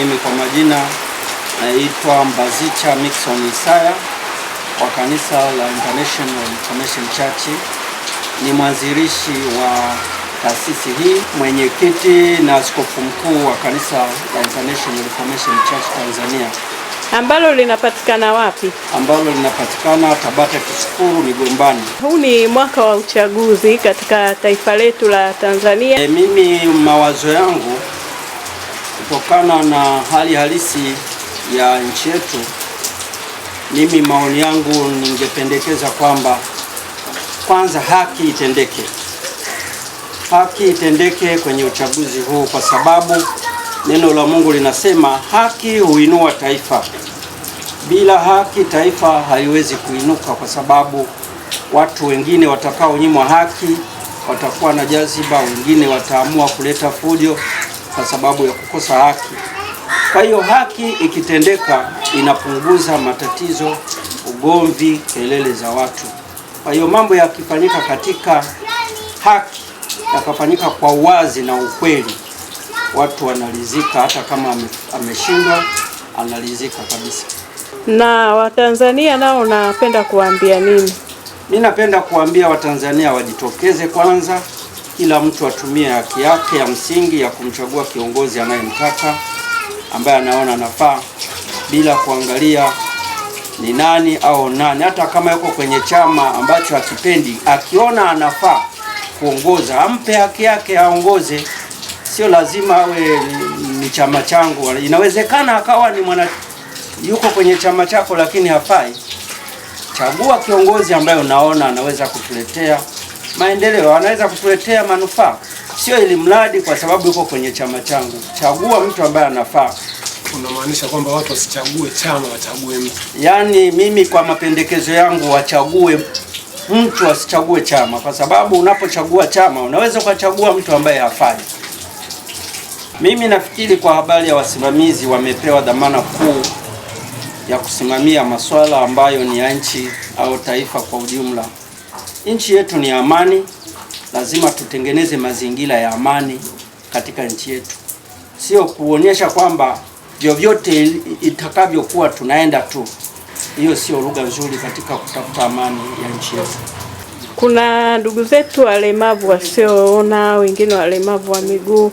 Mimi kwa majina naitwa Mbazicha Mixon Isaya wa kanisa la International Reformation Church, ni mwanzilishi wa taasisi hii, mwenyekiti na askofu mkuu wa kanisa la International Reformation Church Tanzania ambalo linapatikana wapi? Ambalo linapatikana Tabata Kisukuru, Migombani. Huu ni mwaka wa uchaguzi katika taifa letu la Tanzania. E, mimi mawazo yangu kutokana na hali halisi ya nchi yetu, mimi maoni yangu ningependekeza kwamba kwanza haki itendeke, haki itendeke kwenye uchaguzi huu, kwa sababu neno la Mungu linasema haki huinua taifa. Bila haki taifa haiwezi kuinuka, kwa sababu watu wengine watakaonyimwa haki watakuwa na jaziba, wengine wataamua kuleta fujo, kwa sababu ya kukosa haki. Kwa hiyo haki ikitendeka inapunguza matatizo, ugomvi, kelele za watu. Kwa hiyo mambo yakifanyika katika haki, yakafanyika kwa uwazi na ukweli, watu wanalizika hata kama ameshindwa analizika kabisa. Na Watanzania nao napenda kuambia nini? Mimi napenda kuambia Watanzania wajitokeze kwanza kila mtu atumie haki yake ya msingi ya kumchagua kiongozi anayemtaka ambaye anaona nafaa, bila kuangalia ni nani au nani. Hata kama yuko kwenye chama ambacho hakipendi, akiona anafaa kuongoza, ampe haki yake aongoze. Sio lazima awe ni chama changu. Inawezekana akawa ni mwana yuko kwenye chama chako, lakini hafai. Chagua kiongozi ambaye unaona anaweza kutuletea maendeleo, anaweza kutuletea manufaa, sio ili mradi kwa sababu yuko kwenye chama changu. Chagua mtu ambaye anafaa. Unamaanisha kwamba watu wasichague chama, wachague mtu? Yaani mimi kwa mapendekezo yangu wachague mtu, wasichague chama, kwa sababu unapochagua chama unaweza ukachagua mtu ambaye hafai. Mimi nafikiri kwa habari ya wasimamizi, wamepewa dhamana kuu ya kusimamia masuala ambayo ni ya nchi au taifa kwa ujumla. Nchi yetu ni amani, lazima tutengeneze mazingira ya amani katika nchi yetu, sio kuonyesha kwamba vyovyote itakavyokuwa tunaenda tu. Hiyo sio lugha nzuri katika kutafuta amani ya nchi yetu. Kuna ndugu zetu walemavu wasioona, wengine walemavu wa miguu,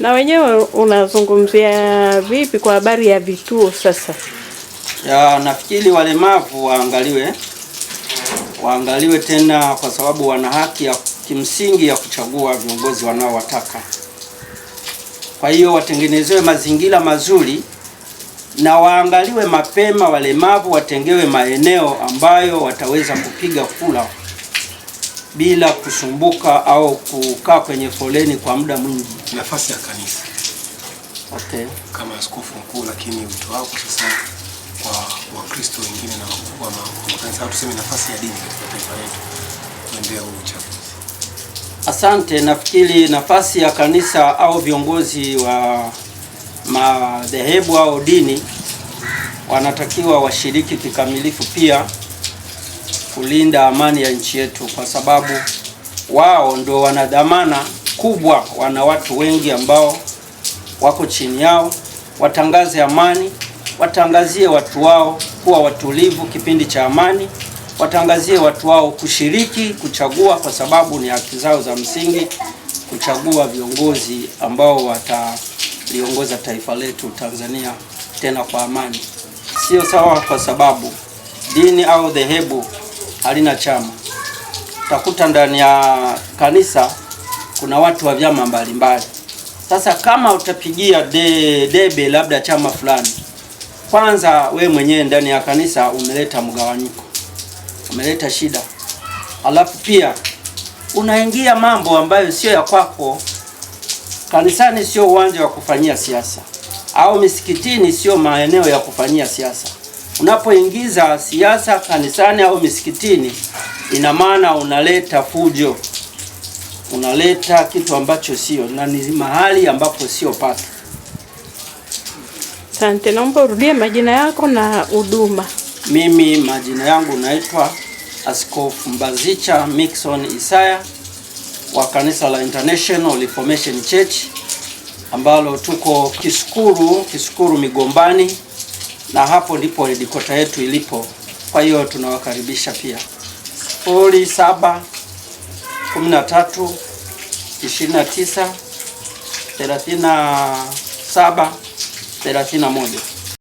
na wenyewe unazungumzia vipi kwa habari ya vituo sasa? Ya, nafikiri walemavu waangaliwe waangaliwe tena, kwa sababu wana haki ya kimsingi ya kuchagua viongozi wanaowataka. Kwa hiyo watengenezewe mazingira mazuri na waangaliwe mapema. Walemavu watengewe maeneo ambayo wataweza kupiga kura bila kusumbuka au kukaa kwenye foleni kwa muda mwingi. Nafasi ya kanisa okay. Kama askofu mkuu, lakini wito wako sasa kwa Wakristo wengine tuseme nafasi ya dini katika taifa letu kuendea huu uchaguzi? Asante, nafikiri nafasi ya kanisa au viongozi wa madhehebu au dini wanatakiwa washiriki kikamilifu pia kulinda amani ya nchi yetu, kwa sababu wao ndio wana dhamana kubwa, wana watu wengi ambao wako chini yao, watangaze amani watangazie watu wao kuwa watulivu kipindi cha amani, watangazie watu wao kushiriki kuchagua, kwa sababu ni haki zao za msingi kuchagua viongozi ambao wataliongoza taifa letu Tanzania tena kwa amani. Sio sawa, kwa sababu dini au dhehebu halina chama. Utakuta ndani ya kanisa kuna watu wa vyama mbalimbali. Sasa kama utapigia de, debe labda chama fulani kwanza we mwenyewe ndani ya kanisa umeleta mgawanyiko, umeleta shida, alafu pia unaingia mambo ambayo sio ya kwako. Kanisani sio uwanja wa kufanyia siasa, au misikitini sio maeneo ya kufanyia siasa. Unapoingiza siasa kanisani au misikitini, ina maana unaleta fujo, unaleta kitu ambacho sio, na ni mahali ambapo sio pata Asante, naomba urudie majina yako na huduma. Mimi majina yangu naitwa Askofu Mbazicha Mixon Isaya wa kanisa la International Reformation Church ambalo tuko Kisukuru, Kisukuru Migombani, na hapo ndipo hedikota yetu ilipo. Kwa hiyo tunawakaribisha pia. sifuri saba saba pedacinho assim na mão dele.